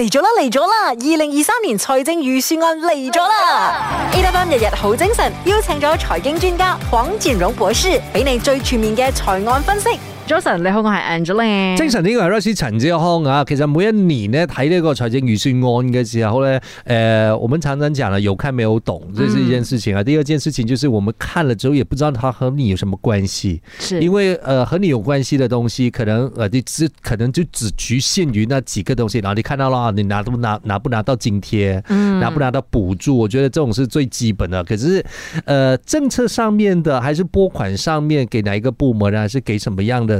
嚟咗啦，嚟咗啦！二零二三年財政預算案嚟咗啦了！A W 日日好精神，邀請咗財經專家黃錦榮博士，俾你最全面嘅財案分析。Jason，你好，我係 Angeline 精神，呢個係 Rosie 陳子康啊。其實每一年咧睇呢個財政預算案嘅時候咧，誒、呃，我們常常講的有看沒有懂，這是一件事情啊。嗯、第二件事情就是我們看了之後，也不知道佢和你有什麼關係。是，因為誒、呃，和你有關係的東西，可能誒、呃，只可能就只局限於那幾個東西。然後你看到了，你拿不拿，拿不拿到津貼，嗯，拿不拿到補助，我覺得這種是最基本的。可是、呃，政策上面的，還是撥款上面給哪一個部門呢，還是給什麼樣的？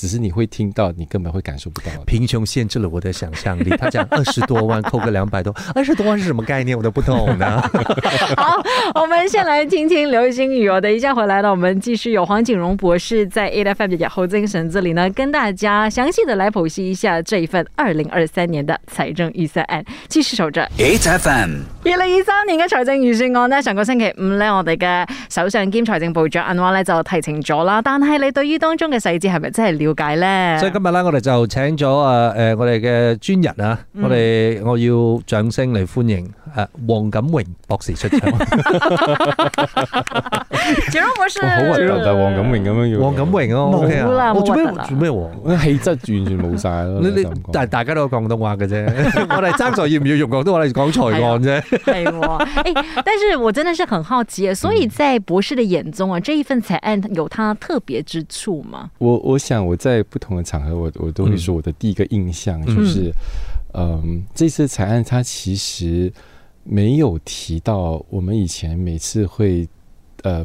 只是你會聽到，你根本會感受不到。貧窮限制了我的想象力。他講二十多萬扣個兩百多，二十 多萬是什麼概念，我都不懂呢。 好，我們先來聽聽劉星雨。哦，等一下回來了，我們繼續有黃錦榮博士在 8FM 的侯精神。這裡呢，跟大家詳細的來剖析一下這一份二零二三年的財政預算案。繼續守着 8FM。二零二三年嘅財政預算案呢，上個星期五呢，我哋嘅首相兼財政部長安華呢就提呈咗啦。但係你對於當中嘅細節係咪真係了瞭解咧。所以今日咧，我哋就請咗啊，誒，我哋嘅專人啊，我哋我要掌聲嚟歡迎誒，黃錦榮博士出場。好湖南大黃錦榮咁樣叫黃錦榮哦，O 啦，冇、嗯喔、我做咩做咩黃？氣質完全冇晒咯，你你大大家都講廣東話嘅啫，我哋爭在要唔要用廣東話嚟講財案啫。係喎、哎哎，但是我真的是很好奇啊，所以在博士的眼中啊，這一份財案有它特別之處嗎？嗯、我我想我在不同的場合，我我都會說，我的第一個印象就是，嗯，嗯，嗯，嗯，嗯，嗯，嗯，這次財案它其實沒有提到我們以前每次會、呃，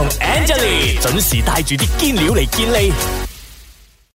Angelly 準時帶住啲堅料嚟見你。